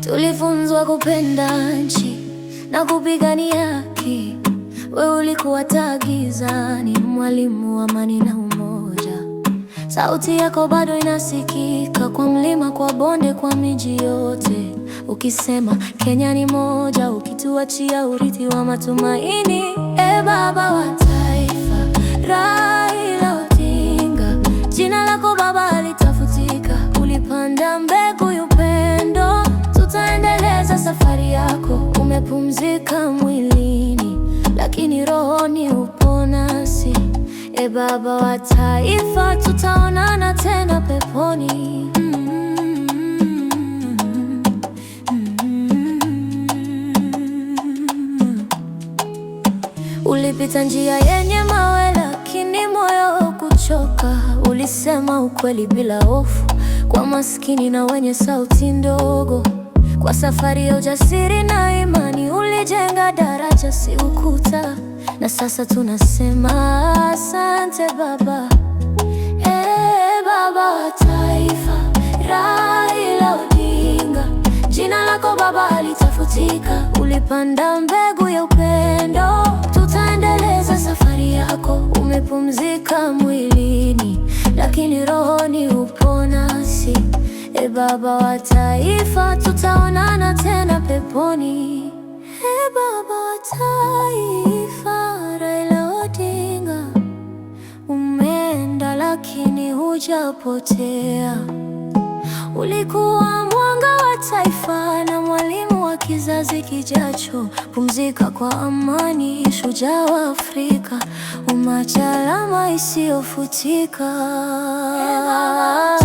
Tulifunzwa kupenda nchi na kupigania haki. Wewe ulikuwa taa ni mwalimu wa amani na Sauti yako bado inasikika kwa mlima, kwa bonde, kwa miji yote, ukisema Kenya ni moja, ukituachia urithi wa matumaini. E Baba wa Taifa ra Baba wa Taifa, tutaonana tena peponi. Ulipita njia yenye mawe, lakini moyo kuchoka Ulisema ukweli bila hofu kwa maskini na wenye sauti ndogo. Kwa safari ya ujasiri na imani ulijenga daraja, si ukuta, na sasa tunasema asante Baba. Ee Baba Taifa, Raila Odinga, jina lako Baba alitafutika Ulipanda mbegu ya upendo, tutaendeleza safari yako. Umepumzika mwilini, lakini roho ni Baba wa Taifa, tutaonana tena peponi. E Baba wa Taifa, Raila Odinga, umeenda lakini hujapotea. Ulikuwa mwanga wa taifa na mwalimu wa kizazi kijacho. Pumzika kwa amani, shujaa wa Afrika, umachalama alama isiyofutika. E Baba